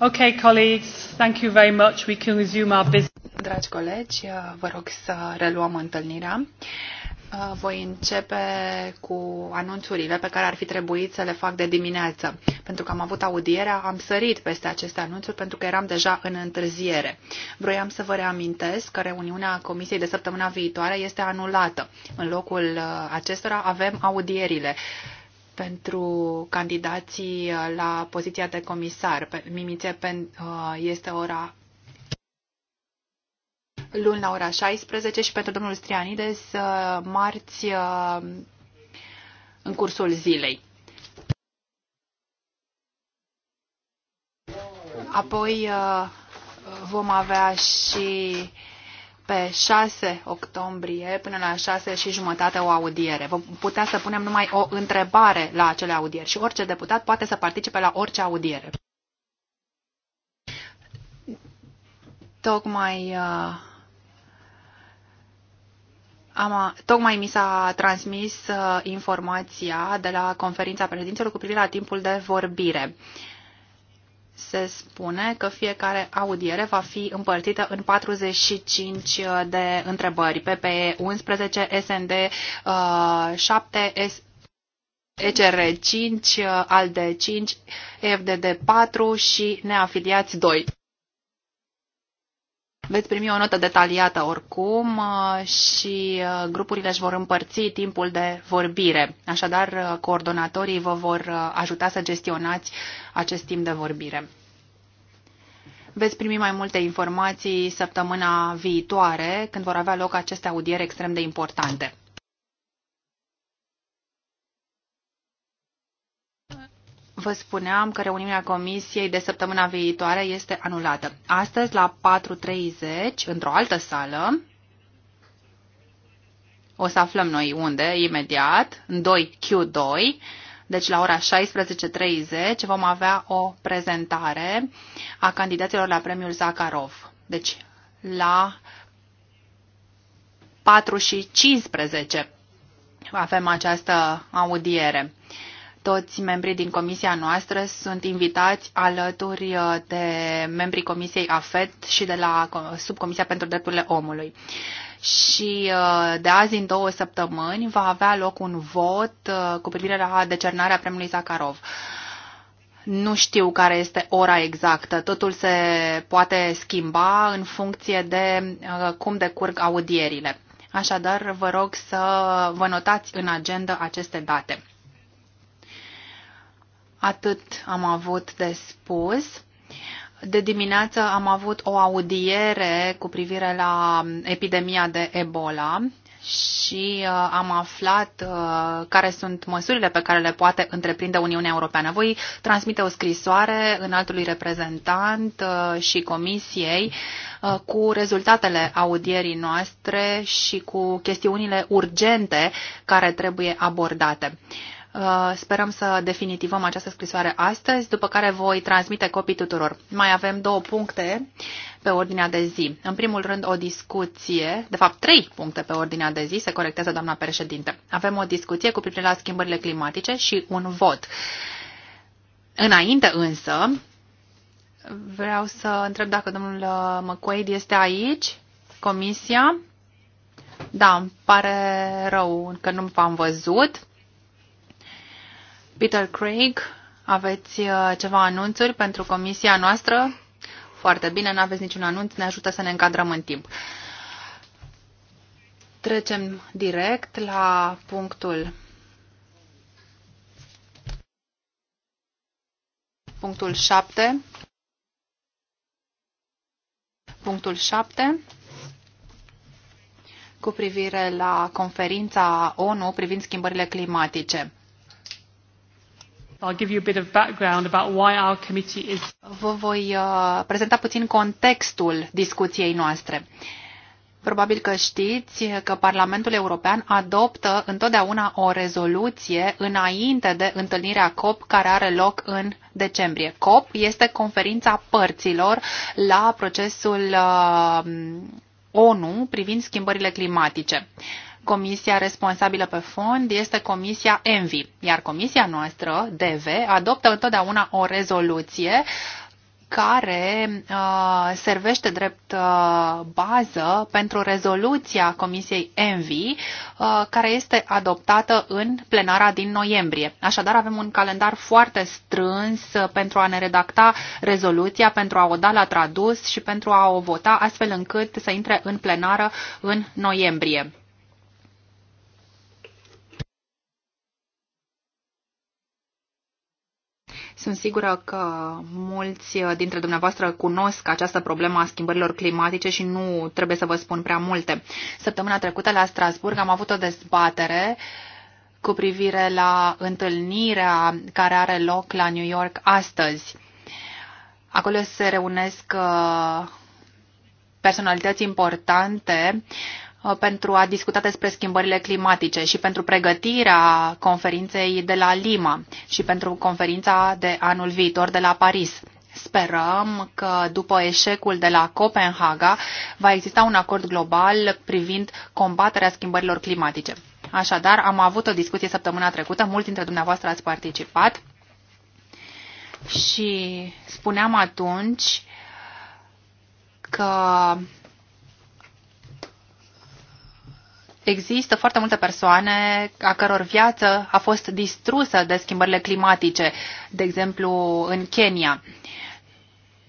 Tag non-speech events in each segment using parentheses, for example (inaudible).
Okay, colleagues, thank you very much. We can resume our business. Dragi colegi, vă rog să reluăm întâlnirea. Voi începe cu anunțurile pe care ar fi trebuit să le fac de dimineață. Pentru că am avut audierea, am sărit peste aceste anunțuri pentru că eram deja în întârziere. Vroiam să vă reamintesc că reuniunea Comisiei de săptămâna viitoare este anulată. În locul acestora avem audierile pentru candidații uh, la poziția de comisar. Mimițe uh, este ora luni la ora 16 și pentru domnul Strianides uh, marți în cursul zilei. Apoi vom avea și pe 6 octombrie până la 6 și jumătate o audiere. Vom putea să punem numai o întrebare la acele audieri și orice deputat poate să participe la orice audiere. Tocmai, uh, am, tocmai mi s-a transmis uh, informația de la conferința președinților cu privire la timpul de vorbire. Uh, se spune că fiecare audiere va fi împărțită în 45 uh, de întrebări. PPE 11, SND 7, S ECR 5, ALDE 5, FDD 4 și neafiliați 2. Veți primi o notă detaliată oricum uh, și uh, grupurile își vor împărți timpul de vorbire. Așadar, uh, coordonatorii vă vor ajuta să gestionați acest timp de vorbire. Veți primi mai multe informații săptămâna viitoare, când vor avea loc aceste audieri extrem de importante. vă spuneam că reuniunea comisiei de săptămâna viitoare este anulată. Astăzi, la 4.30, într-o altă sală, o să aflăm noi unde, imediat, în 2Q2, deci la ora 16.30 vom avea o prezentare a candidaților la premiul Zakharov. Deci la 4 și 15 avem această audiere. Toți membrii din comisia noastră sunt invitați alături uh, de membrii comisiei AFET și de la uh, subcomisia pentru drepturile omului. Și uh, de azi în două săptămâni va avea loc un vot cu privire la decernarea premiului Zakharov. Nu știu care este ora exactă. Totul se poate schimba în funcție de cum decurg audierile. Așadar, vă rog să vă notați în agenda aceste date. Atât am avut de spus. De dimineață am avut o audiere cu privire la epidemia de Ebola și uh, am aflat uh, care sunt măsurile pe care le poate întreprinde Uniunea Europeană. Voi transmite o scrisoare înaltului reprezentant uh, și comisiei uh, cu rezultatele audierii noastre și cu chestiunile urgente care trebuie abordate. Uh, Uh, sperăm să definitivăm această scrisoare astăzi, după care voi transmite copii tuturor. Mai avem două puncte pe ordinea de zi. În primul rând, o discuție, de fapt trei puncte pe ordinea de zi, se corectează doamna președinte. Avem o discuție cu privire la schimbările climatice și un vot. Înainte însă, vreau să întreb dacă domnul uh, McQuaid este aici, comisia. Da, îmi pare rău că nu v-am văzut. Peter Craig, aveți uh, ceva anunțuri pentru comisia noastră? Foarte bine, nu aveți niciun anunț, ne ajută să ne încadrăm în timp. Trecem direct la punctul punctul 7. Punctul 7 cu privire la conferința ONU privind schimbările climatice. Vă voi uh, prezenta puțin contextul discuției noastre. Probabil că știți că Parlamentul European adoptă întotdeauna o rezoluție înainte de întâlnirea COP care are loc în decembrie. COP este conferința părților la procesul uh, ONU privind schimbările climatice. Uh, comisia responsabilă pe fond este comisia ENVI, iar comisia noastră, DV, adoptă întotdeauna o rezoluție care uh, servește drept uh, bază pentru rezoluția Comisiei ENVI, uh, care este adoptată în plenara din noiembrie. Așadar, avem un calendar foarte strâns uh, pentru a ne redacta rezoluția, pentru a o da la tradus și pentru a o vota, astfel încât să intre în plenară în noiembrie. Sunt sigură că mulți dintre dumneavoastră cunosc această problemă a schimbărilor climatice și nu trebuie să vă spun prea multe. Săptămâna trecută la Strasburg am avut o dezbatere cu privire la întâlnirea care are loc la New York astăzi. Acolo se reunesc uh, personalități importante Uh, pentru a discuta despre schimbările climatice și pentru pregătirea conferinței de la Lima și pentru conferința de anul viitor de la Paris. Sperăm că după eșecul de la Copenhaga va exista un acord global privind combaterea schimbărilor climatice. Așadar, am avut o discuție săptămâna trecută, mulți dintre dumneavoastră ați participat și spuneam atunci că există foarte multe persoane a căror viață a fost distrusă de schimbările climatice, de exemplu în Kenya. Uh,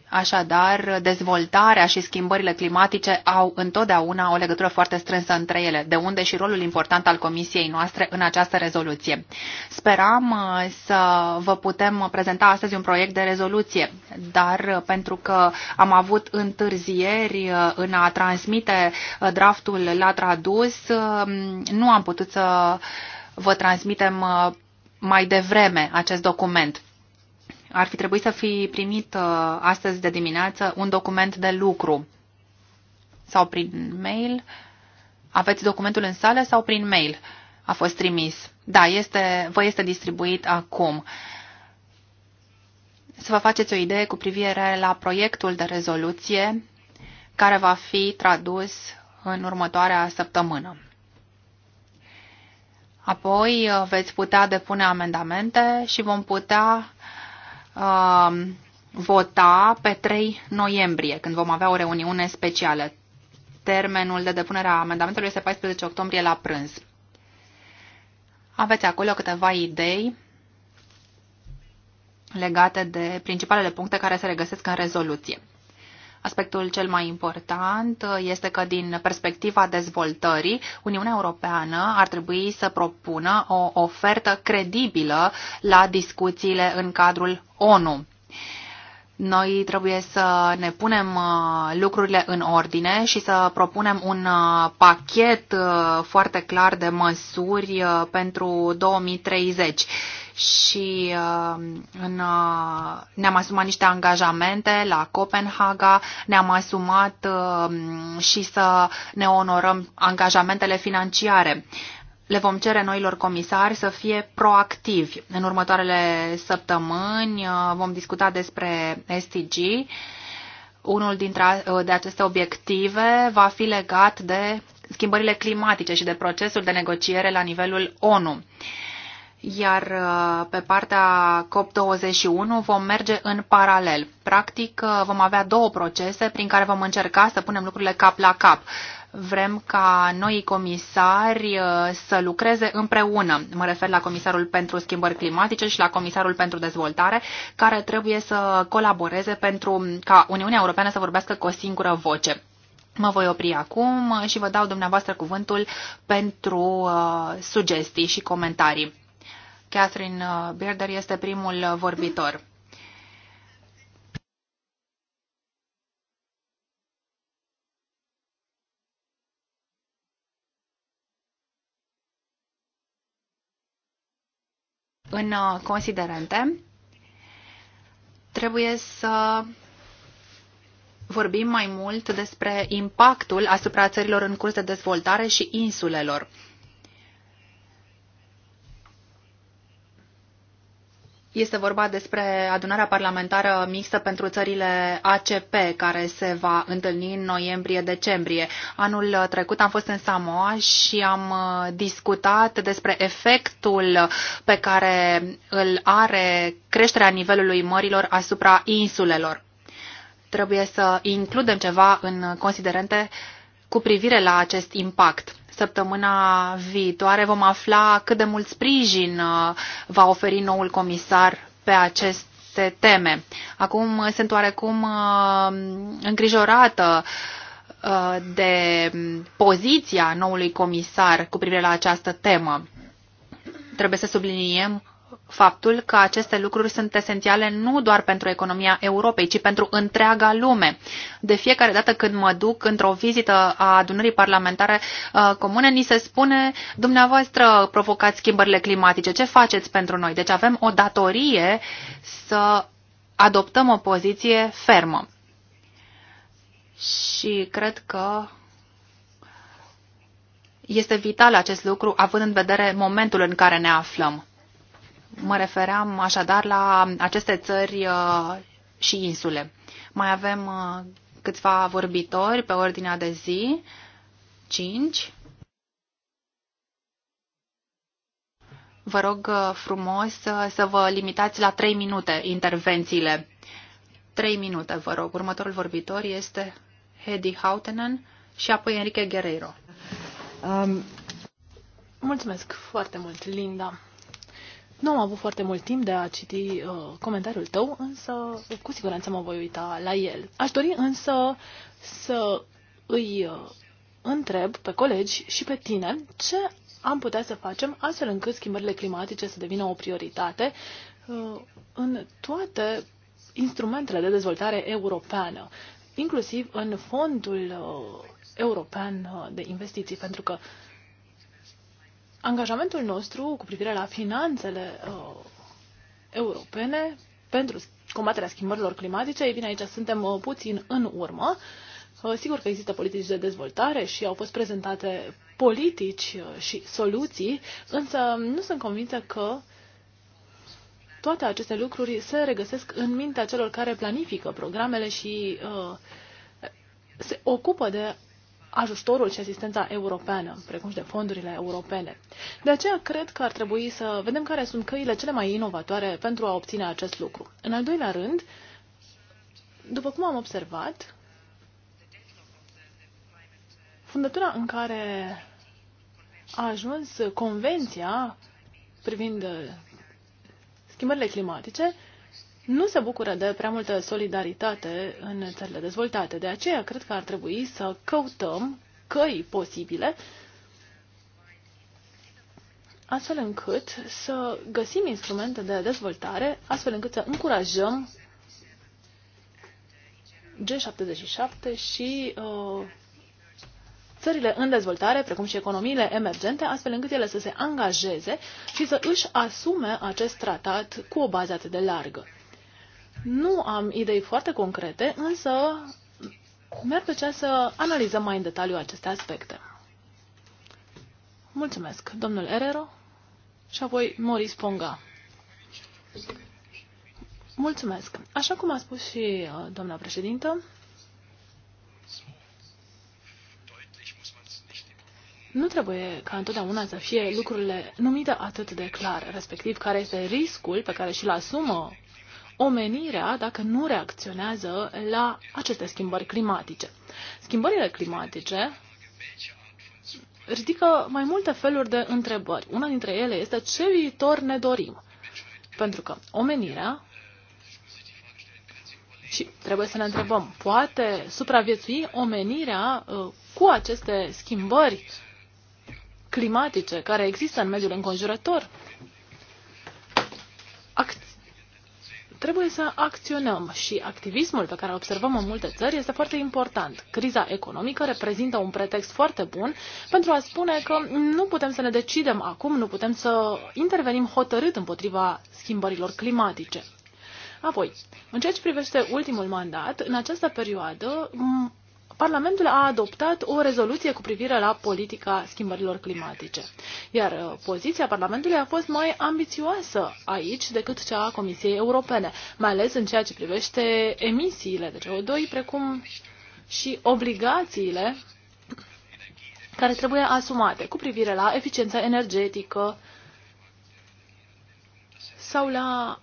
Așadar, dezvoltarea și schimbările climatice au întotdeauna o legătură foarte strânsă între ele, de unde și rolul important al comisiei noastre în această rezoluție. Speram uh, să vă putem prezenta astăzi un proiect de rezoluție, dar uh, pentru că am avut întârzieri uh, în a transmite draftul la tradus, um, nu am putut să vă transmitem mai devreme acest document ar fi trebuit să fi primit uh, astăzi de dimineață un document de lucru sau prin mail. Aveți documentul în sală sau prin mail? A fost trimis. Da, este, vă este distribuit acum. Să vă faceți o idee cu privire la proiectul de rezoluție care va fi tradus în următoarea săptămână. Apoi uh, veți putea depune amendamente și vom putea uh, vota pe 3 noiembrie, când vom avea o reuniune specială. Termenul de depunere a amendamentelor este 14 octombrie la prânz. Aveți acolo câteva idei legate de principalele puncte care se regăsesc în rezoluție. Aspectul cel mai important uh, este că din perspectiva dezvoltării, Uniunea Europeană ar trebui să propună o ofertă credibilă la discuțiile în cadrul ONU. Noi trebuie să ne punem uh, lucrurile în ordine și să propunem un uh, pachet foarte clar de măsuri pentru 2030 și uh, în, uh, ne-am asumat niște angajamente la Copenhaga, ne-am asumat uh, și să ne onorăm angajamentele financiare. Le vom cere noilor comisari să fie proactivi. În următoarele săptămâni vom discuta despre STG. Unul dintre de aceste obiective va fi legat de schimbările climatice și de procesul de negociere la nivelul ONU. Uh, iar uh, pe partea COP21 vom merge în paralel. Practic, uh, vom avea două procese prin care vom încerca să punem lucrurile cap la cap. Vrem ca noi comisari uh, să lucreze împreună. Mă refer la comisarul pentru schimbări climatice și la comisarul pentru dezvoltare, care trebuie să colaboreze pentru um, ca Uniunea Europeană să vorbească cu o singură voce. Mă voi opri acum și vă dau dumneavoastră cuvântul pentru sugestii și comentarii. Catherine uh, Bearder este primul uh, vorbitor. În uh, considerente, trebuie să vorbim mai mult despre impactul asupra țărilor în curs de dezvoltare și insulelor. Este vorba despre adunarea parlamentară mixtă pentru țările ACP, care se va întâlni în noiembrie-decembrie. Anul trecut am fost în Samoa și am uh, discutat despre efectul pe care îl are creșterea nivelului mărilor asupra insulelor. Trebuie să includem ceva în considerente cu privire la acest impact. Săptămâna viitoare vom afla cât de mult sprijin uh, va oferi noul comisar pe acest teme. Acum sunt oarecum uh, îngrijorată uh, de poziția noului comisar cu privire la această temă. Trebuie să subliniem faptul că aceste lucruri sunt esențiale nu doar pentru economia Europei, ci pentru întreaga lume. De fiecare dată când mă duc într-o vizită a adunării parlamentare uh, comune, ni se spune, dumneavoastră provocați schimbările climatice, ce faceți pentru noi? Deci avem o datorie să adoptăm o poziție fermă. Și cred că este vital acest lucru, având în vedere momentul în care ne aflăm. Mă refeream așadar la aceste țări uh, și insule. Mai avem uh, câțiva vorbitori pe ordinea de zi. Cinci. Vă rog uh, frumos să vă limitați la trei minute intervențiile. Trei minute, vă rog. Următorul vorbitor este Hedy Hautenen și apoi Enrique Guerreiro. Um, mulțumesc foarte mult, Linda. Nu am avut foarte mult timp de a citi uh, comentariul tău, însă cu siguranță mă voi uita la el. Aș dori însă să îi uh, întreb pe colegi și pe tine ce am putea să facem astfel încât schimbările climatice să devină o prioritate uh, în toate instrumentele de dezvoltare europeană, inclusiv în fondul uh, european uh, de investiții, pentru că uh, angajamentul nostru cu privire la finanțele uh, europene pentru combaterea schimbărilor climatice, ei bine, aici suntem uh, puțin în urmă. Uh, sigur că există politici de dezvoltare și au fost prezentate politici uh, și soluții, însă nu sunt convinsă că toate aceste lucruri se regăsesc în mintea celor care planifică programele și uh, se ocupă de ajutorul și asistența europeană, precum și de fondurile europene. De aceea cred că ar trebui să vedem care sunt căile cele mai inovatoare pentru a obține acest lucru. În al doilea rând, după cum am observat, fundătura în care a ajuns convenția privind schimbările climatice nu se bucură de prea multă solidaritate în țările dezvoltate. De aceea, cred că ar trebui să căutăm căi posibile astfel încât să găsim instrumente de dezvoltare, astfel încât să încurajăm G77 și uh, țările în dezvoltare, precum și economiile emergente, astfel încât ele să se angajeze și să își asume acest tratat cu o bază atât de largă. Nu am idei foarte concrete, însă mi-ar plăcea să analizăm mai în detaliu aceste aspecte. Mulțumesc, domnul Erero și apoi Moris Ponga. Mulțumesc. Așa cum a spus și uh, doamna președintă, nu trebuie ca întotdeauna să fie lucrurile numite atât de clar, respectiv care este riscul pe care și-l asumă omenirea dacă nu reacționează la aceste schimbări climatice. Schimbările climatice ridică mai multe feluri de întrebări. Una dintre ele este ce viitor ne dorim. Pentru că omenirea și trebuie să ne întrebăm, poate supraviețui omenirea uh, cu aceste schimbări climatice care există în mediul înconjurător? trebuie să acționăm și activismul pe care îl observăm în multe țări este foarte important. Criza economică reprezintă un pretext foarte bun pentru a spune că nu putem să ne decidem acum, nu putem să intervenim hotărât împotriva schimbărilor climatice. Apoi, în ceea ce privește ultimul mandat, în această perioadă Parlamentul a adoptat o rezoluție cu privire la politica schimbărilor climatice, iar uh, poziția Parlamentului a fost mai ambițioasă aici decât cea a Comisiei Europene, mai ales în ceea ce privește emisiile de CO2, precum și obligațiile care trebuie asumate cu privire la eficiența energetică sau la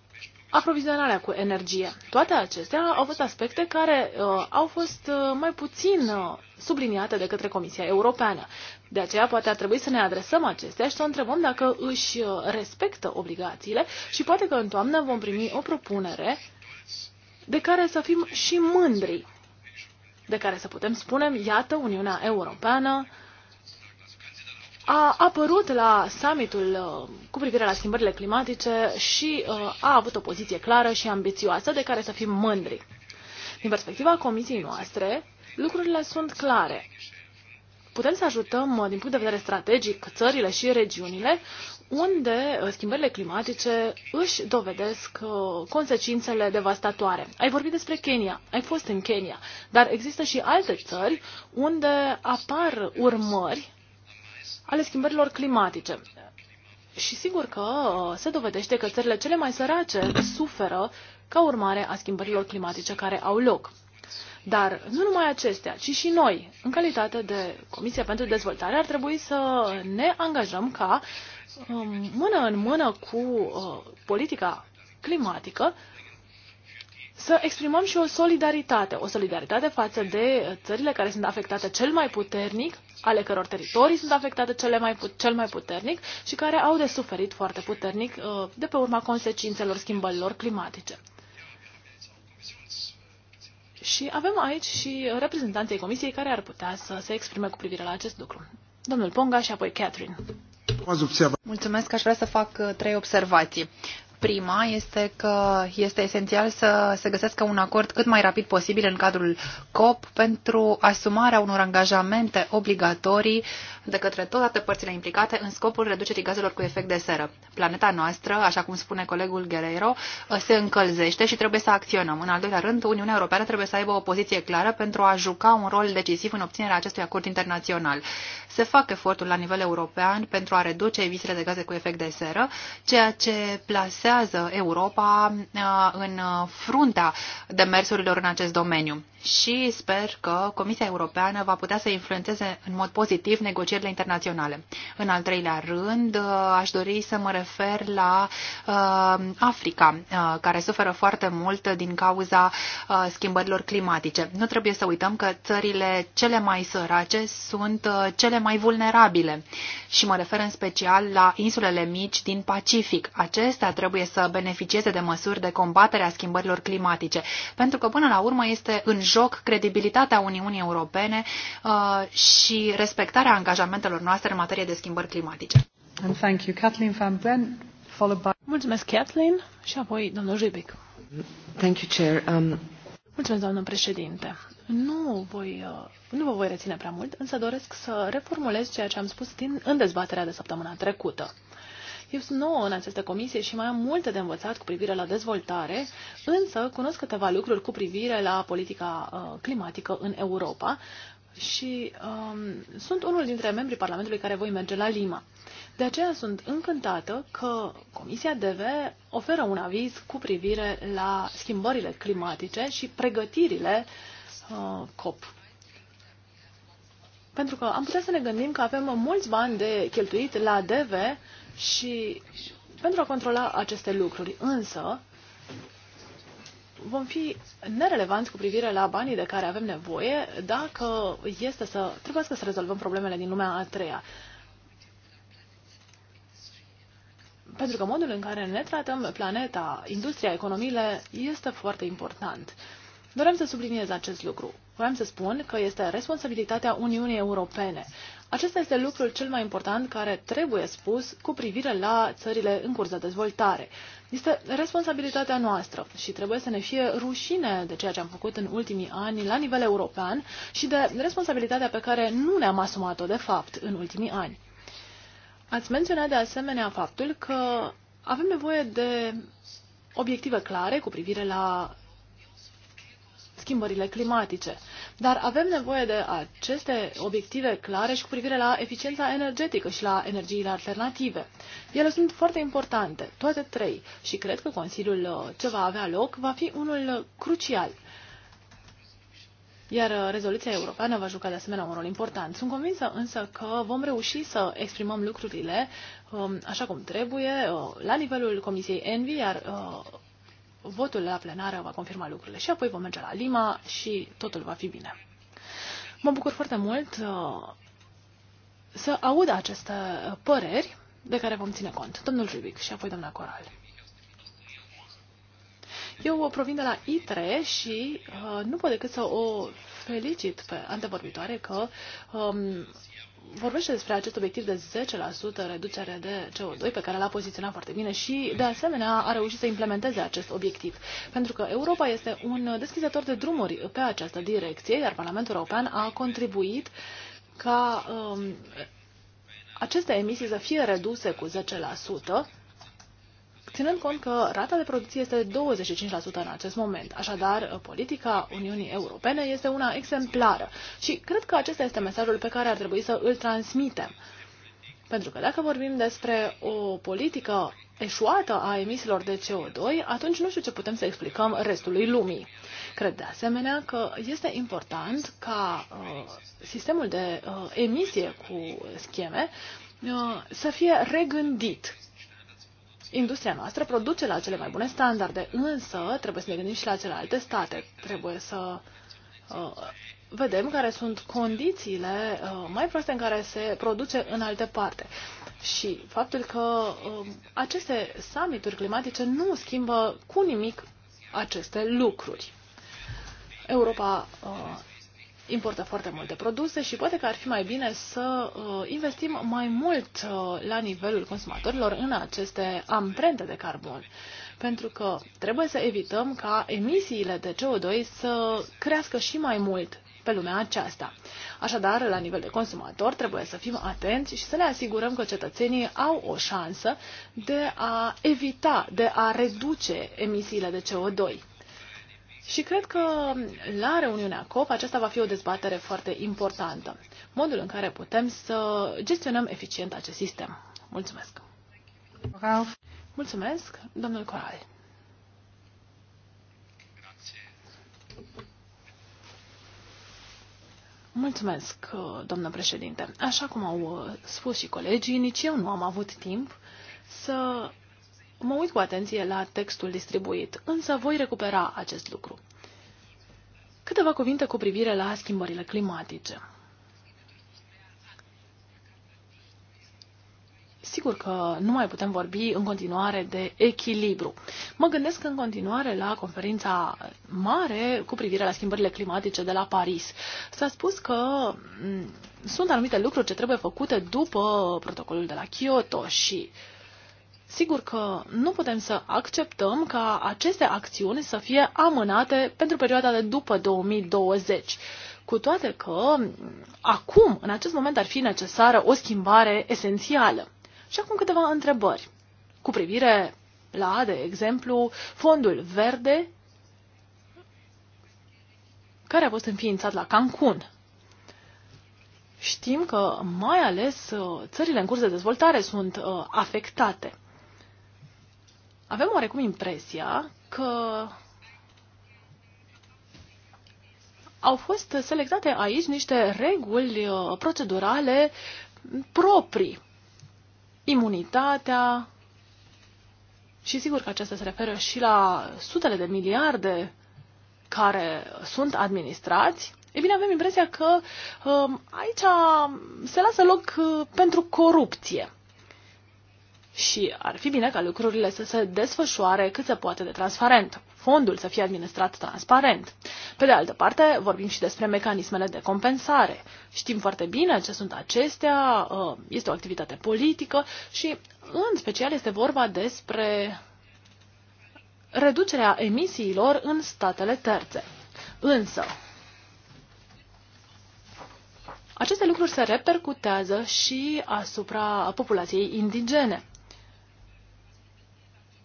aprovizionarea cu energie. Toate acestea au fost aspecte care uh, au fost uh, mai puțin uh, subliniate de către Comisia Europeană. De aceea poate ar trebui să ne adresăm acestea și să întrebăm dacă își uh, respectă obligațiile și poate că în toamnă vom primi o propunere de care să fim și mândri, de care să putem spune, iată, Uniunea Europeană uh, a apărut la summitul uh, cu privire la schimbările climatice și uh, a avut o poziție clară și ambițioasă de care să fim mândri. Din perspectiva comisiei noastre, lucrurile sunt clare. Putem să ajutăm, uh, din punct de vedere strategic, țările și regiunile unde schimbările climatice își dovedesc consecințele devastatoare. Ai vorbit despre Kenya, ai fost în Kenya, dar există și alte țări unde apar urmări ale schimbărilor climatice. Și sigur că uh, se dovedește că țările cele mai sărace suferă ca urmare a schimbărilor climatice care au loc. Dar nu numai acestea, ci și noi, în calitate de Comisie pentru Dezvoltare, ar trebui să ne angajăm ca um, mână în mână cu uh, politica climatică să exprimăm și o solidaritate, o solidaritate față de țările care sunt afectate cel mai puternic, ale căror teritorii sunt afectate cele mai, cel mai puternic și care au de suferit foarte puternic uh, de pe urma consecințelor schimbărilor climatice. Și avem aici și reprezentanții Comisiei care ar putea să se exprime cu privire la acest lucru. Domnul Ponga și apoi Catherine. Mulțumesc, aș vrea să fac uh, trei observații. Prima este că este esențial să se găsească un acord cât mai rapid posibil în cadrul COP pentru asumarea unor angajamente obligatorii de către toate părțile implicate în scopul reducerii gazelor cu efect de seră. Planeta noastră, așa cum spune colegul Guerreiro, se încălzește și trebuie să acționăm. În al doilea rând, Uniunea Europeană trebuie să aibă o poziție clară pentru a juca un rol decisiv în obținerea acestui acord internațional. Se fac eforturi la nivel european pentru a reduce emisiile de gaze cu efect de seră, ceea ce plasează plasează Europa uh, în fruntea demersurilor în acest domeniu. Și sper că Comisia Europeană va putea să influențeze în mod pozitiv negocierile internaționale. În al treilea rând, uh, aș dori să mă refer la uh, Africa, care suferă foarte mult din cauza schimbărilor climatice. Nu trebuie să uităm că țările cele mai sărace sunt cele mai vulnerabile și mă refer în special la insulele mici din Pacific. Acestea trebuie trebuie să beneficieze de măsuri de combatere a schimbărilor climatice, pentru că până la urmă este în joc credibilitatea Uniunii Europene uh, și respectarea angajamentelor noastre în materie de schimbări climatice. And thank you, Kathleen Van Brent, followed by... Mulțumesc, Kathleen, și apoi domnul Jibic. Thank you, Chair. Um... Mulțumesc, doamnă președinte. Nu, voi, uh, nu vă voi reține prea mult, însă doresc să reformulez ceea ce am spus din, în dezbaterea de săptămâna trecută. Eu sunt nouă în această comisie și mai am multe de învățat cu privire la dezvoltare, însă cunosc câteva lucruri cu privire la politica uh, climatică în Europa și um, sunt unul dintre membrii Parlamentului care voi merge la Lima. De aceea sunt încântată că Comisia DV oferă un aviz cu privire la schimbările climatice și pregătirile uh, COP. Pentru că am putea să ne gândim că avem mulți bani de cheltuit la DV și pentru a controla aceste lucruri, însă, vom fi nerelevanți cu privire la banii de care avem nevoie dacă este să trebuie să rezolvăm problemele din lumea a treia. Pentru că modul în care ne tratăm planeta, industria, economiile, este foarte important. Doream să subliniez acest lucru. Vreau să spun că este responsabilitatea Uniunii Europene acesta este lucrul cel mai important care trebuie spus cu privire la țările în curs de dezvoltare. Este responsabilitatea noastră și trebuie să ne fie rușine de ceea ce am făcut în ultimii ani la nivel european și de responsabilitatea pe care nu ne-am asumat-o de fapt în ultimii ani. Ați menționat de asemenea faptul că avem nevoie de obiective clare cu privire la schimbările climatice. Dar avem nevoie de aceste obiective clare și cu privire la eficiența energetică și la energiile alternative. Ele sunt foarte importante, toate trei, și cred că Consiliul uh, ce va avea loc va fi unul uh, crucial iar uh, rezoluția europeană va juca de asemenea un rol important. Sunt convinsă însă că vom reuși să exprimăm lucrurile um, așa cum trebuie la nivelul Comisiei Envi, iar votul la plenară va confirma lucrurile și apoi vom merge la Lima și totul va fi bine. Mă bucur foarte mult uh, să aud aceste uh, păreri de care vom ține cont. Domnul Jubic și apoi doamna Coral. Eu provin de la I3 și uh, nu pot decât să o felicit pe antevorbitoare că um, vorbește despre acest obiectiv de 10% reducere de CO2 pe care l-a poziționat foarte bine și, de asemenea, a reușit să implementeze acest obiectiv. Pentru că Europa este un deschizător de drumuri pe această direcție, iar Parlamentul European a contribuit ca um, aceste emisii să fie reduse cu 10%, ținând cont că rata de producție este de 25% în acest moment. Așadar, politica Uniunii Europene este una exemplară și cred că acesta este mesajul pe care ar trebui să îl transmitem. Pentru că dacă vorbim despre o politică eșuată a emisiilor de CO2, atunci nu știu ce putem să explicăm restului lumii. Cred de asemenea că este important ca uh, sistemul de uh, emisie cu scheme uh, să fie regândit Industria noastră produce la cele mai bune standarde, însă trebuie să ne gândim și la celelalte state. Trebuie să uh, vedem care sunt condițiile uh, mai proaste în care se produce în alte parte. Și faptul că uh, aceste summituri climatice nu schimbă cu nimic aceste lucruri. Europa uh, importă foarte multe produse și poate că ar fi mai bine să uh, investim mai mult uh, la nivelul consumatorilor în aceste amprente de carbon. Pentru că trebuie să evităm ca emisiile de CO2 să crească și mai mult pe lumea aceasta. Așadar, la nivel de consumator, trebuie să fim atenți și să ne asigurăm că cetățenii au o șansă de a evita, de a reduce emisiile de CO2. Și cred că la reuniunea COP aceasta va fi o dezbatere foarte importantă. Modul în care putem să gestionăm eficient acest sistem. Mulțumesc! Mulțumesc, domnul Coral. Mulțumesc, domnul președinte. Așa cum au spus și colegii, nici eu nu am avut timp să mă uit cu atenție la textul distribuit, însă voi recupera acest lucru. Câteva cuvinte cu privire la schimbările climatice. Sigur că nu mai putem vorbi în continuare de echilibru. Mă gândesc în continuare la conferința mare cu privire la schimbările climatice de la Paris. S-a spus că mm, sunt anumite lucruri ce trebuie făcute după protocolul de la Kyoto și uh, Sigur că nu putem să acceptăm ca aceste acțiuni să fie amânate pentru perioada de după 2020, cu toate că acum, în acest moment, ar fi necesară o schimbare esențială. Și acum câteva întrebări cu privire la, de exemplu, fondul verde care a fost înființat la Cancun. Știm că mai ales țările în curs de dezvoltare sunt uh, afectate avem oarecum impresia că au fost selectate aici niște reguli uh, procedurale proprii. Imunitatea, și sigur că acestea se referă și la sutele de miliarde care sunt administrați, e bine, avem impresia că uh, aici se lasă loc uh, pentru corupție și ar fi bine ca lucrurile să se desfășoare cât se poate de transparent, fondul să fie administrat transparent. Pe de altă parte, vorbim și despre mecanismele de compensare. Știm foarte bine ce sunt acestea, ă, este o activitate politică și, în special, este vorba despre reducerea emisiilor în statele terțe. Însă, aceste lucruri se repercutează și asupra populației indigene.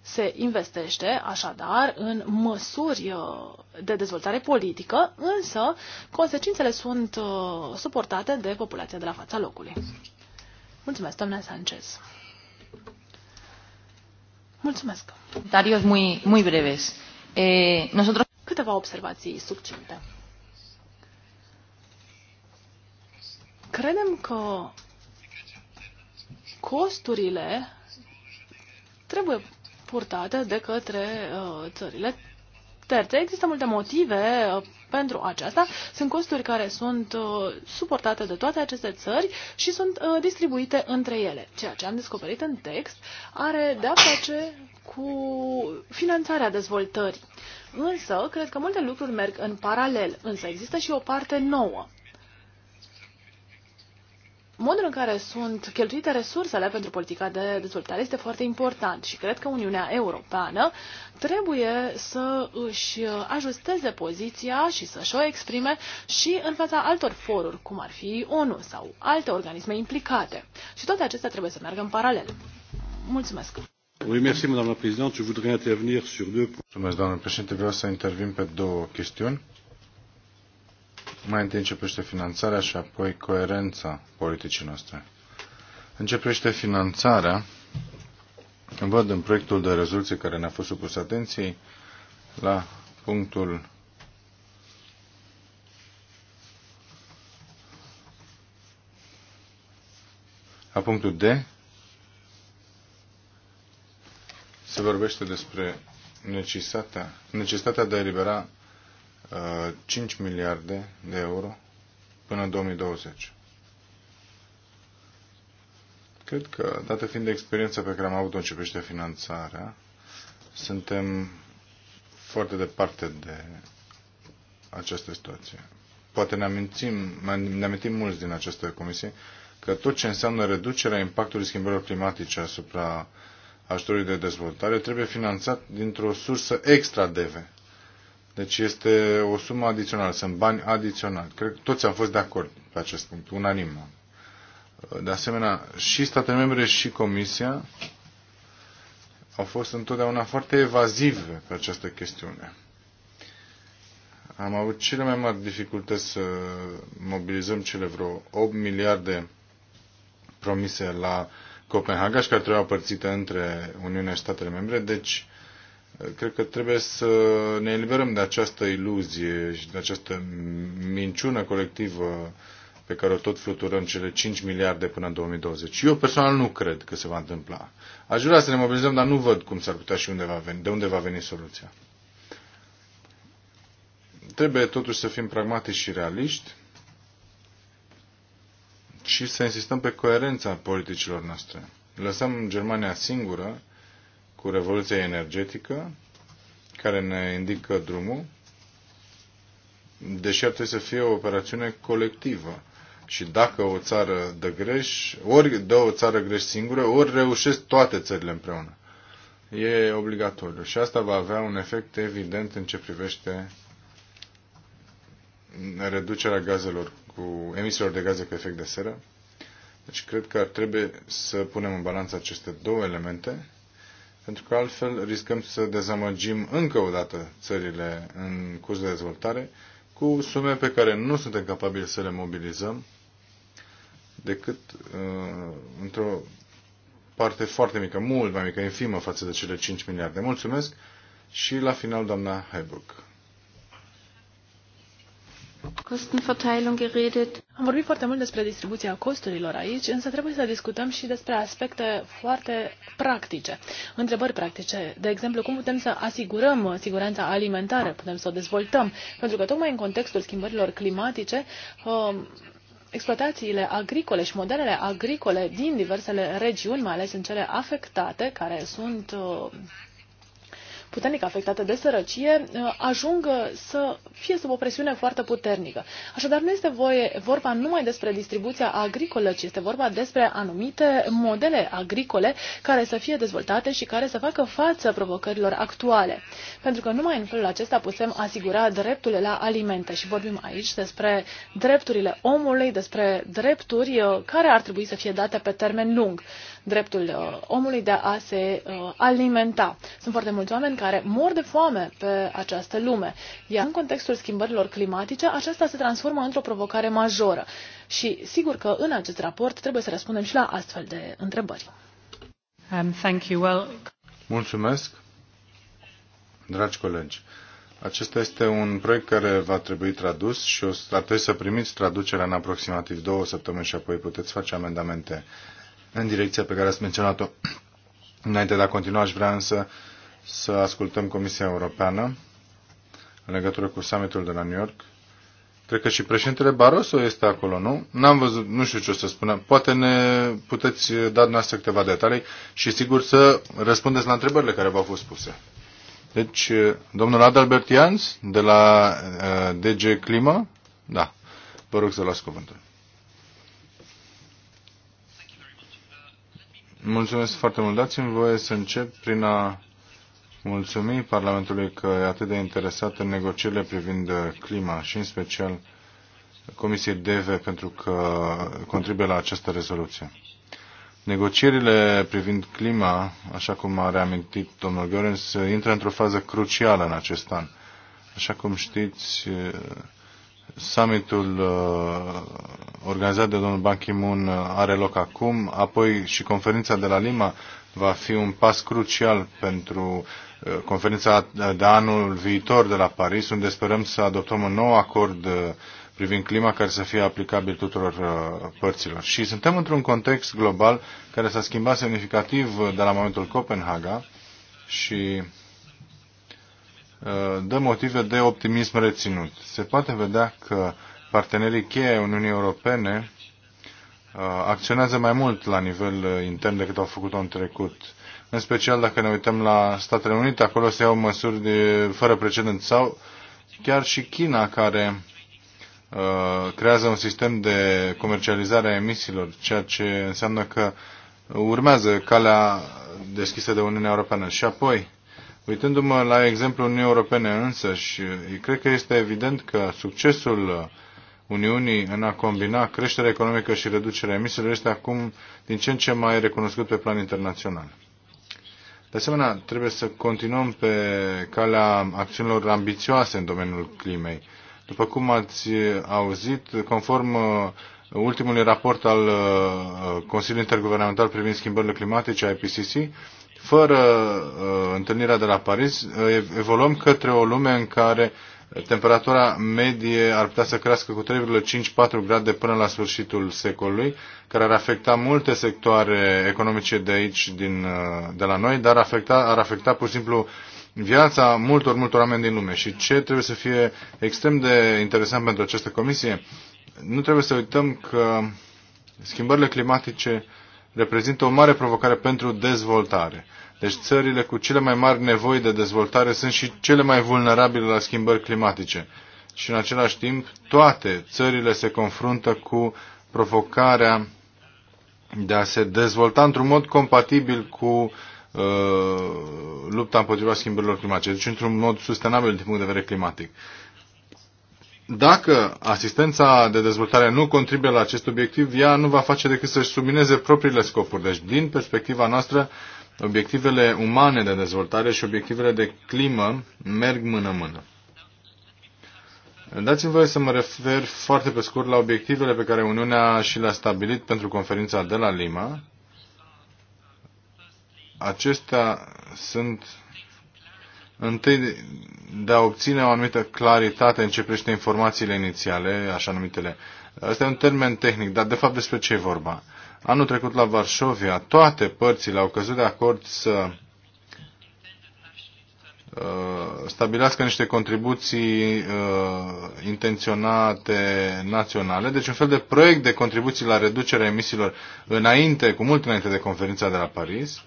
Se investește, așadar, în măsuri uh, de dezvoltare politică, însă consecințele sunt uh, suportate de populația de la fața locului. Mulțumesc, domnule Sanchez. Mulțumesc. Comentarios muy, muy breves. Eh, nosotros... Câteva observații succinte. Credem că costurile trebuie purtate de către uh, țările terțe. Există multe motive uh, pentru aceasta. Sunt costuri care sunt uh, suportate de toate aceste țări și sunt distribuite între ele. Ceea ce am descoperit în text are de-a face cu finanțarea dezvoltării. Însă, cred că multe lucruri merg în paralel, însă există și o parte nouă modul în care sunt cheltuite resursele pentru politica de dezvoltare este foarte important și cred că Uniunea Europeană trebuie să își ajusteze poziția și să-și o exprime și în fața altor foruri, cum ar fi ONU sau alte organisme implicate. Și toate acestea trebuie să meargă în paralel. Mulțumesc! Mulțumesc, doamnă președinte. Vreau să intervin pe două chestiuni. Mai întâi începește finanțarea și apoi coerența politicii noastre. Începește finanțarea. Văd în proiectul de rezoluție care ne-a fost supus atenției la punctul la punctul D se vorbește despre necesitatea, necesitatea de a elibera 5 uh, miliarde de euro până în 2020. Cred că, dată fiind experiența pe care am avut-o în ce privește finanțarea, suntem foarte departe de această situație. Poate ne amintim, ne amintim mulți din această comisie că tot ce înseamnă reducerea impactului schimbărilor climatice asupra ajutorului de dezvoltare trebuie finanțat dintr-o sursă extra deve. Deci este o sumă adițională, sunt bani adiționali. Cred că toți am fost de acord pe acest punct, unanim. De asemenea, și statele membre și Comisia au fost întotdeauna foarte evazive pe această chestiune. Am avut cele mai mari dificultăți să mobilizăm cele vreo 8 miliarde promise la Copenhaga și care trebuiau părțite între Uniunea și statele membre, deci Cred că trebuie să ne eliberăm de această iluzie și de această minciună colectivă pe care o tot fluturăm cele 5 miliarde până în 2020. Eu personal nu cred că se va întâmpla. Aș vrea să ne mobilizăm, dar nu văd cum s-ar putea și unde va veni, de unde va veni soluția. Trebuie totuși să fim pragmatici și realiști și să insistăm pe coerența politicilor noastre. Lăsăm Germania singură cu revoluția energetică, care ne indică drumul, deși ar trebui să fie o operațiune colectivă. Și dacă o țară dă greș, ori dă o țară greș singură, ori reușesc toate țările împreună. E obligatoriu. Și asta va avea un efect evident în ce privește reducerea gazelor cu emisiilor de gaze cu efect de seră. Deci cred că ar trebui să punem în balanță aceste două elemente pentru că altfel riscăm să dezamăgim încă o dată țările în curs de dezvoltare cu sume pe care nu suntem capabili să le mobilizăm decât uh, într-o parte foarte mică, mult mai mică, infimă față de cele 5 miliarde. Mulțumesc și la final doamna Hebruck. Kostenverteilung geredet. Am vorbit foarte mult despre distribuția costurilor aici, însă trebuie să discutăm și despre aspecte foarte practice, întrebări practice. De exemplu, cum putem să asigurăm siguranța alimentară, putem să o dezvoltăm, pentru că tocmai în contextul schimbărilor climatice, um, exploatațiile agricole și modelele agricole din diversele regiuni, mai ales în cele afectate, care sunt um, puternic afectate de sărăcie uh, ajung uh, să fie sub o presiune foarte puternică. Așadar, nu este voie, vorba numai despre distribuția agricolă, ci este vorba despre anumite modele agricole care să fie dezvoltate și care să facă față provocărilor actuale. Pentru că numai în felul acesta putem asigura dreptul la alimente și vorbim aici despre drepturile omului, despre drepturi uh, care ar trebui să fie date pe termen lung dreptul uh, omului de a se uh, alimenta. Sunt foarte mulți oameni care mor de foame pe această lume, iar în contextul schimbărilor climatice, aceasta se transformă într-o provocare majoră. Și sigur că în acest raport trebuie să răspundem și la astfel de întrebări. Um, thank you. Well... Mulțumesc, dragi colegi. Acesta este un proiect care va trebui tradus și o, ar trebui să primiți traducerea în aproximativ două săptămâni și apoi puteți face amendamente în direcția pe care ați menționat-o. (clears throat) Înainte de a continua, aș vrea însă să ascultăm Comisia Europeană în legătură cu summitul de la New York. Cred că și președintele Barroso este acolo, nu? N-am văzut, nu știu ce o să spună. Poate ne puteți da dumneavoastră câteva detalii și sigur să răspundeți la întrebările care v-au fost puse. Deci, domnul Adalbert Ianz, de la uh, DG Clima, da, vă rog să luați cuvântul. Mulțumesc foarte mult. Dați-mi voie să încep prin a mulțumi Parlamentului că e atât de interesat în negocierile privind clima și în special Comisiei DEVE pentru că contribuie la această rezoluție. Negocierile privind clima, așa cum a reamintit domnul Görens, intră într-o fază crucială în acest an. Așa cum știți, Summitul uh, organizat de domnul Ban Ki-moon uh, are loc acum, apoi și conferința de la Lima va fi un pas crucial pentru uh, conferința de anul viitor de la Paris, unde sperăm să adoptăm un nou acord privind clima care să fie aplicabil tuturor părților. Și suntem într-un context global care s-a schimbat semnificativ de la momentul Copenhaga și Uh, dă motive de optimism reținut. Se poate vedea că partenerii cheie Uniunii Europene uh, acționează mai mult la nivel uh, intern decât au făcut-o în trecut. În special dacă ne uităm la Statele Unite, acolo se iau măsuri de, fără precedent sau chiar și China care uh, creează un sistem de comercializare a emisiilor, ceea ce înseamnă că urmează calea deschisă de Uniunea Europeană. Și apoi, Uitându-mă la exemplul Uniunii Europene însă și cred că este evident că succesul Uniunii în a combina creșterea economică și reducerea emisiilor este acum din ce în ce mai recunoscut pe plan internațional. De asemenea, trebuie să continuăm pe calea acțiunilor ambițioase în domeniul climei. După cum ați auzit, conform uh, ultimului raport al uh, Consiliului Interguvernamental privind schimbările climatice, IPCC, fără uh, întâlnirea de la Paris, uh, evoluăm către o lume în care temperatura medie ar putea să crească cu 3,5-4 grade până la sfârșitul secolului, care ar afecta multe sectoare economice de aici, din, uh, de la noi, dar afecta, ar afecta pur și simplu viața multor, multor oameni din lume. Și ce trebuie să fie extrem de interesant pentru această comisie? Nu trebuie să uităm că schimbările climatice uh, reprezintă o mare provocare pentru dezvoltare. Deci țările cu cele mai mari nevoi de dezvoltare sunt și cele mai vulnerabile la schimbări climatice. Și în același timp, toate țările se confruntă cu provocarea de a se dezvolta într-un mod compatibil cu uh, lupta împotriva schimbărilor climatice, deci într-un mod sustenabil din punct de vedere climatic. Dacă asistența de dezvoltare nu contribuie la acest obiectiv, ea nu va face decât să-și submineze propriile scopuri. Deci, din perspectiva noastră, obiectivele umane de dezvoltare și obiectivele de climă merg mână-mână. Dați-mi voie să mă refer foarte pe scurt la obiectivele pe care Uniunea și le-a stabilit pentru conferința de la Lima. Acestea sunt Întâi, de a obține o anumită claritate în ce privește informațiile inițiale, așa numitele. Asta e un termen tehnic, dar de fapt despre ce e vorba? Anul trecut la Varșovia, toate părțile au căzut de acord să uh, stabilească niște contribuții uh, intenționate naționale, deci un fel de proiect de contribuții la reducerea emisiilor înainte, cu mult înainte de conferința de la Paris. Uh,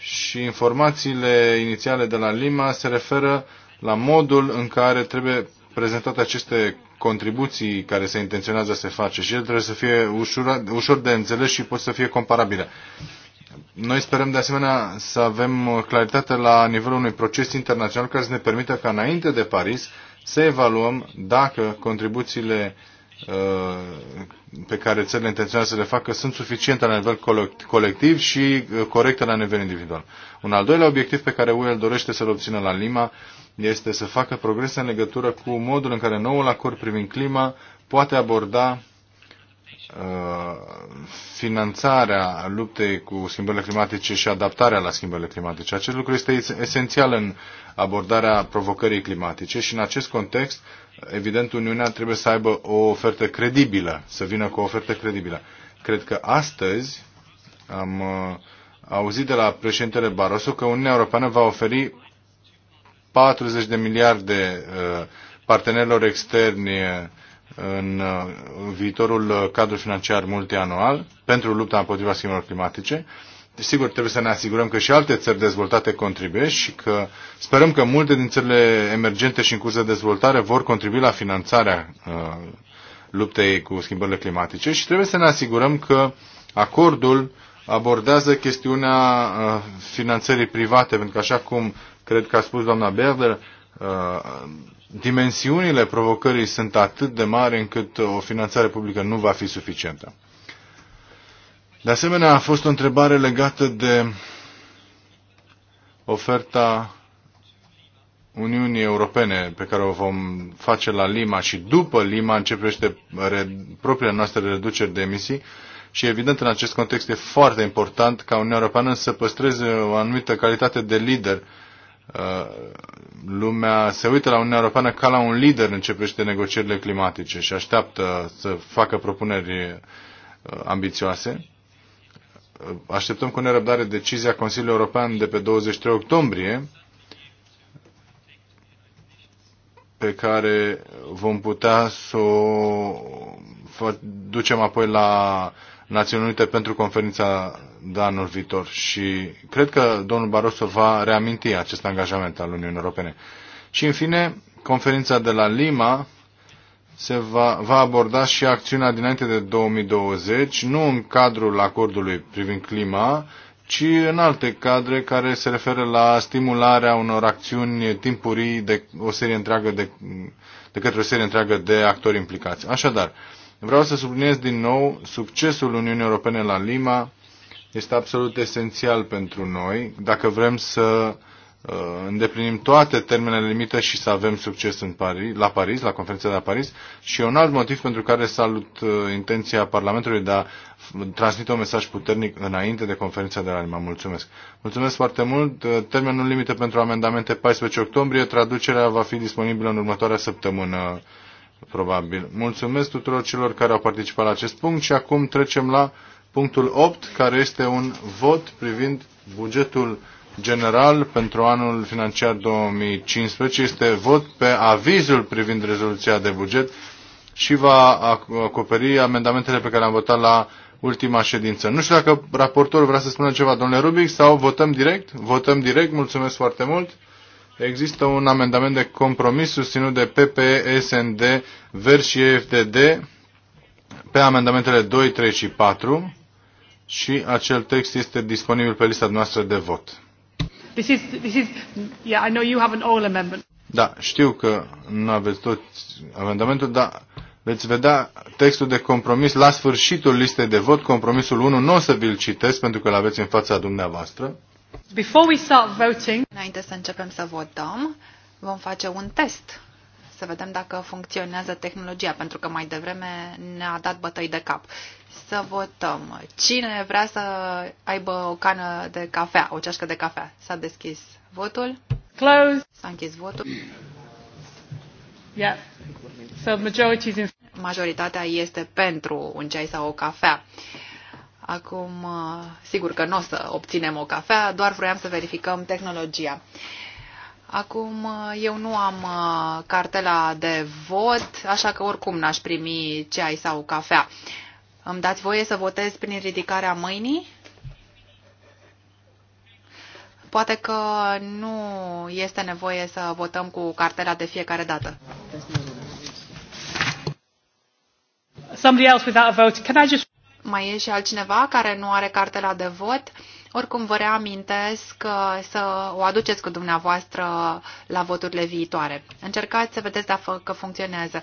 și informațiile inițiale de la Lima se referă la modul în care trebuie prezentate aceste contribuții care se intenționează să se face și ele trebuie să fie ușura, ușor de înțeles și pot să fie comparabile. Noi sperăm de asemenea să avem claritate la nivelul unui proces internațional care să ne permită ca înainte de Paris să evaluăm dacă contribuțiile uh, Uh, pe care țările intenționează să le facă sunt suficiente la nivel colectiv și uh, corecte la nivel individual. Un al doilea obiectiv pe care UE îl dorește să-l obțină la Lima este să facă progrese în legătură cu modul în care noul acord privind clima poate aborda uh, finanțarea luptei cu schimbările climatice și adaptarea la schimbările climatice. Acest lucru este esențial în abordarea provocării climatice și în acest context, evident, Uniunea trebuie să aibă o ofertă credibilă, să vină cu o ofertă credibilă. Cred că astăzi am uh, auzit de la președintele Barroso că Uniunea Europeană va oferi 40 de miliarde uh, partenerilor externi în uh, viitorul uh, cadru financiar multianual pentru lupta împotriva schimbărilor climatice. Sigur, trebuie să ne asigurăm că și alte țări dezvoltate contribuie și că sperăm că multe din țările emergente și în curs de dezvoltare vor contribui la finanțarea uh, luptei cu schimbările climatice și trebuie să ne asigurăm că acordul abordează chestiunea finanțării private, pentru că așa cum cred că a spus doamna Berder, dimensiunile provocării sunt atât de mari încât o finanțare publică nu va fi suficientă. De asemenea, a fost o întrebare legată de oferta Uniunii Europene pe care o vom face la Lima și după Lima începește propriile noastre reduceri de emisii și evident în acest context e foarte important ca Uniunea Europeană să păstreze o anumită calitate de lider Uh, lumea se uită la Uniunea Europeană ca la un lider în ce privește negocierile climatice și așteaptă să facă propuneri uh, ambițioase. Uh, așteptăm cu nerăbdare decizia Consiliului European de pe 23 octombrie, pe care vom putea să o ducem apoi la Națiunilor Unite pentru conferința de anul viitor și cred că domnul Barroso va reaminti acest angajament al Uniunii Europene. Și în fine, conferința de la Lima se va, va aborda și acțiunea dinainte de 2020, nu în cadrul acordului privind clima, ci în alte cadre care se referă la stimularea unor acțiuni timpurii de o serie întreagă de, de către o serie întreagă de actori implicați. Așadar, Vreau să subliniez din nou succesul Uniunii Europene la Lima este absolut esențial pentru noi dacă vrem să uh, îndeplinim toate termenele limită și să avem succes în Paris, la Paris, la conferința de la Paris. Și un alt motiv pentru care salut uh, intenția Parlamentului de a transmite un mesaj puternic înainte de conferința de la Lima. Mulțumesc. Mulțumesc foarte mult. Uh, termenul limită pentru amendamente 14 octombrie. Traducerea va fi disponibilă în următoarea săptămână probabil. Mulțumesc tuturor celor care au participat la acest punct și acum trecem la punctul 8, care este un vot privind bugetul general pentru anul financiar 2015. Este vot pe avizul privind rezoluția de buget și va acoperi amendamentele pe care le-am votat la ultima ședință. Nu știu dacă raportorul vrea să spună ceva, domnule Rubic, sau votăm direct? Votăm direct, mulțumesc foarte mult. Există un amendament de compromis susținut de PPE, SND, Ver și EFTD pe amendamentele 2, 3 și 4 și acel text este disponibil pe lista noastră de vot. This is, this is, yeah, I know you have an oral amendment. Da, știu că nu aveți tot amendamentul, dar veți vedea textul de compromis la sfârșitul listei de vot, compromisul 1, nu o să vi-l citesc pentru că îl aveți în fața dumneavoastră. Before we start voting, Înainte să începem să votăm, vom face un test să vedem dacă funcționează tehnologia, pentru că mai devreme ne-a dat bătăi de cap. Să votăm. Cine vrea să aibă o cană de cafea, o ceașcă de cafea? S-a deschis votul. Close. S-a închis votul. Yeah. So majority in... Majoritatea este pentru un ceai sau o cafea. Uh, Acum, uh, sigur că nu o să obținem o cafea, doar vroiam să verificăm tehnologia. Acum, uh, eu nu am uh, cartela de vot, așa că oricum n-aș primi ceai sau cafea. Îmi dați voie să votez prin ridicarea mâinii? Poate că nu este nevoie să votăm cu cartela de fiecare dată. Somebody else without a vote. Can I just mai e și altcineva care nu are cartela de vot. Oricum vă reamintesc să o aduceți cu dumneavoastră la voturile viitoare. Încercați să vedeți dacă funcționează.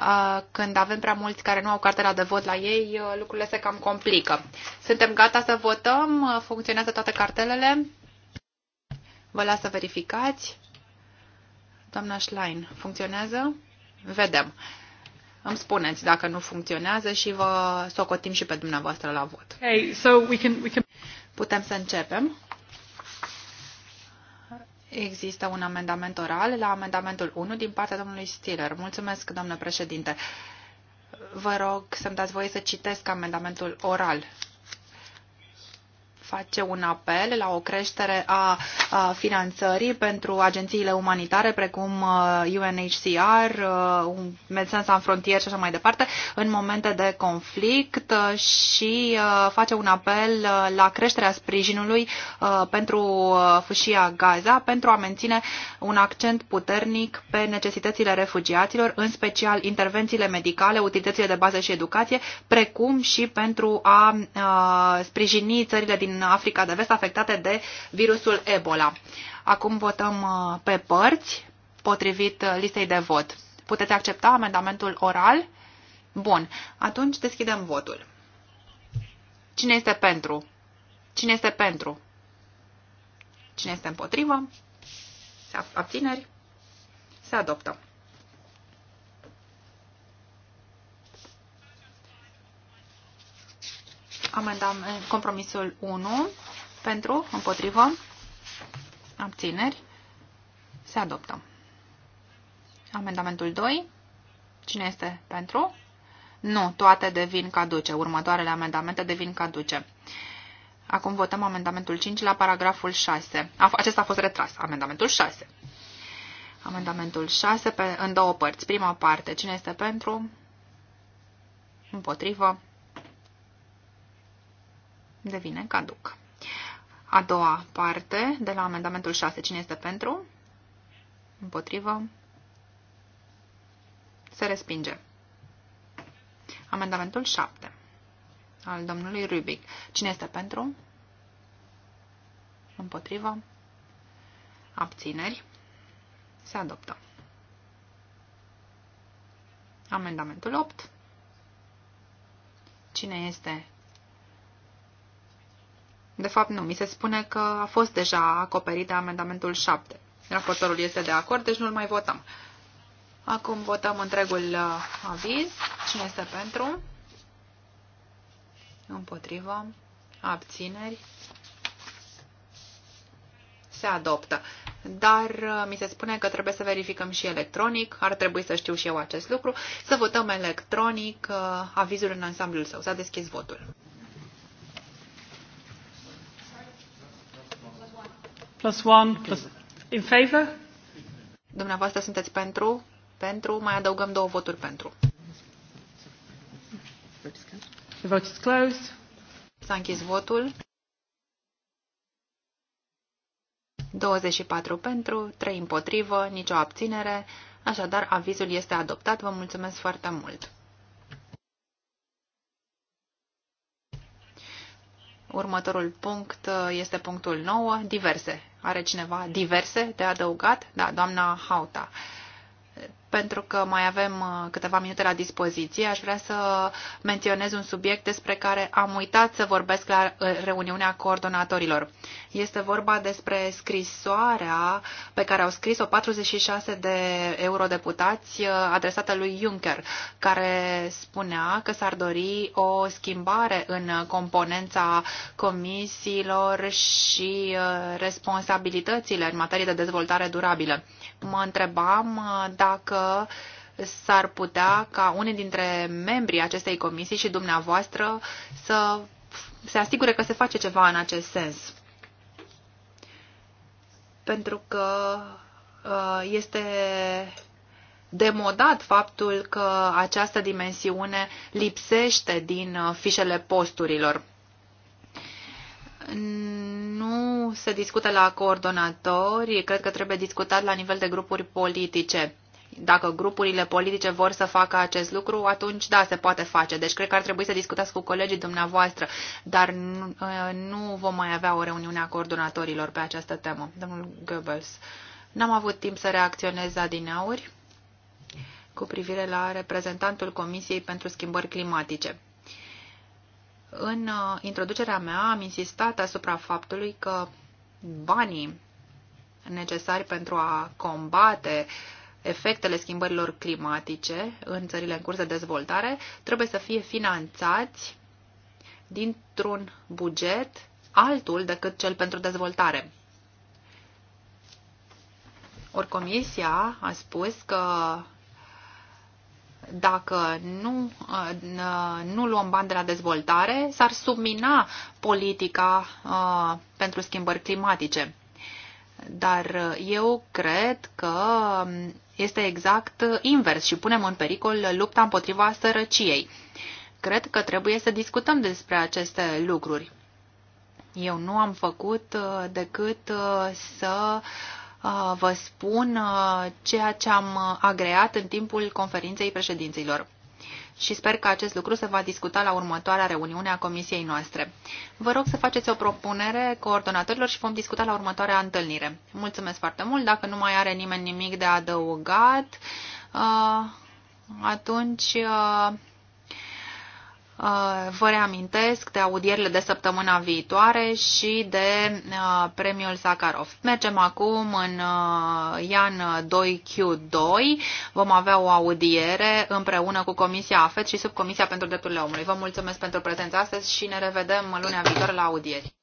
Uh, când avem prea mulți care nu au cartela de vot la ei, uh, lucrurile se cam complică. Suntem gata să votăm? Uh, funcționează toate cartelele? Vă las să verificați. Doamna Schlein, funcționează? Vedem. Îmi spuneți dacă nu funcționează și vă socotim și pe dumneavoastră la vot. Okay, so we can, we can... Putem să începem. Există un amendament oral la amendamentul 1 din partea domnului Stiller. Mulțumesc, domnule președinte. Vă rog să-mi dați voie să citesc amendamentul oral face un apel la o creștere a finanțării pentru agențiile umanitare precum uh, UNHCR, uh, Medecins Sans Frontier și așa mai departe în momente de conflict uh, și face un apel la creșterea sprijinului pentru fâșia Gaza pentru a menține un accent puternic pe necesitățile refugiaților, în special intervențiile medicale, utilitățile de bază și educație, precum și pentru a sprijini țările din în Africa de Vest afectate de virusul Ebola. Acum votăm uh, pe părți, potrivit uh, listei de vot. Puteți accepta amendamentul oral? Bun. Atunci deschidem votul. Cine este pentru? Cine este pentru? Cine este împotrivă? Abțineri? Se adoptă. Amendament, eh, compromisul 1 pentru, împotrivă, abțineri, se adoptă. Amendamentul 2, cine este pentru? Nu, toate devin caduce, următoarele amendamente devin caduce. Acum votăm amendamentul 5 la paragraful 6. Acesta a fost retras, amendamentul 6. Amendamentul 6 pe, în două părți. Prima parte, cine este pentru? Împotrivă devine caduc. A doua parte de la amendamentul 6. Cine este pentru? Împotrivă? Se respinge. Amendamentul 7 al domnului Rubic. Cine este pentru? Împotrivă? Abțineri? Se adoptă. Amendamentul 8. Cine este de fapt, nu. Mi se spune că a fost deja acoperit de amendamentul 7. Raportorul este de acord, deci nu-l mai votăm. Acum votăm întregul uh, aviz. Cine este pentru? Împotrivă. Abțineri. Se adoptă. Dar uh, mi se spune că trebuie să verificăm și electronic. Ar trebui să știu și eu acest lucru. Să votăm electronic uh, avizul în ansamblul său. S-a deschis votul. plus one, plus in favor. Dumneavoastră sunteți pentru, pentru, mai adăugăm două voturi pentru. The vote is closed. S-a închis votul. 24 pentru, 3 împotrivă, nicio abținere, așadar avizul este adoptat. Vă mulțumesc foarte mult! Următorul punct este punctul 9, diverse. Are cineva diverse de adăugat? Da, doamna Hauta pentru că mai avem uh, câteva minute la dispoziție, aș vrea să menționez un subiect despre care am uitat să vorbesc la uh, reuniunea coordonatorilor. Este vorba despre scrisoarea pe care au scris-o 46 de eurodeputați uh, adresată lui Juncker, care spunea că s-ar dori o schimbare în componența comisiilor și responsabilitățile în materie de dezvoltare durabilă. Mă întrebam dacă s-ar putea ca unii dintre membrii acestei comisii și dumneavoastră să se asigure că se face ceva în acest sens. Pentru că uh, este demodat faptul că această dimensiune lipsește din uh, fișele posturilor. Nu se discută la coordonatori, cred că trebuie discutat la nivel de grupuri politice. Dacă grupurile politice vor să facă acest lucru, atunci da, se poate face. Deci cred că ar trebui să discutați cu colegii dumneavoastră, dar nu, ă, nu vom mai avea o reuniune a coordonatorilor pe această temă. Domnul Goebbels, n-am avut timp să reacționez adineauri cu privire la reprezentantul Comisiei pentru Schimbări Climatice. În ă, introducerea mea am insistat asupra faptului că banii necesari pentru a combate uh, efectele schimbărilor climatice în țările în curs de dezvoltare trebuie să fie finanțați dintr-un buget altul decât cel pentru dezvoltare. Ori Comisia a spus că dacă nu, nu luăm bani de la dezvoltare, s-ar submina politica pentru schimbări climatice. Dar eu cred că este exact invers și punem în pericol lupta împotriva sărăciei. Cred că trebuie să discutăm despre aceste lucruri. Eu nu am făcut uh, decât uh, să uh, vă spun ceea ce am agreat în timpul conferinței președinților și sper că acest lucru se va discuta la următoarea reuniune a comisiei noastre. Vă rog să faceți o propunere coordonatorilor și vom discuta la următoarea întâlnire. Mulțumesc foarte mult. Dacă nu mai are nimeni nimic de adăugat, uh, atunci uh, Uh, vă reamintesc de audierile de săptămâna viitoare și de uh, premiul Sakharov. Mergem acum în uh, Ian 2Q2. Vom avea o audiere împreună cu Comisia AFET și Subcomisia pentru Drepturile Omului. Vă mulțumesc pentru prezența astăzi și ne revedem lunea viitoare la audieri.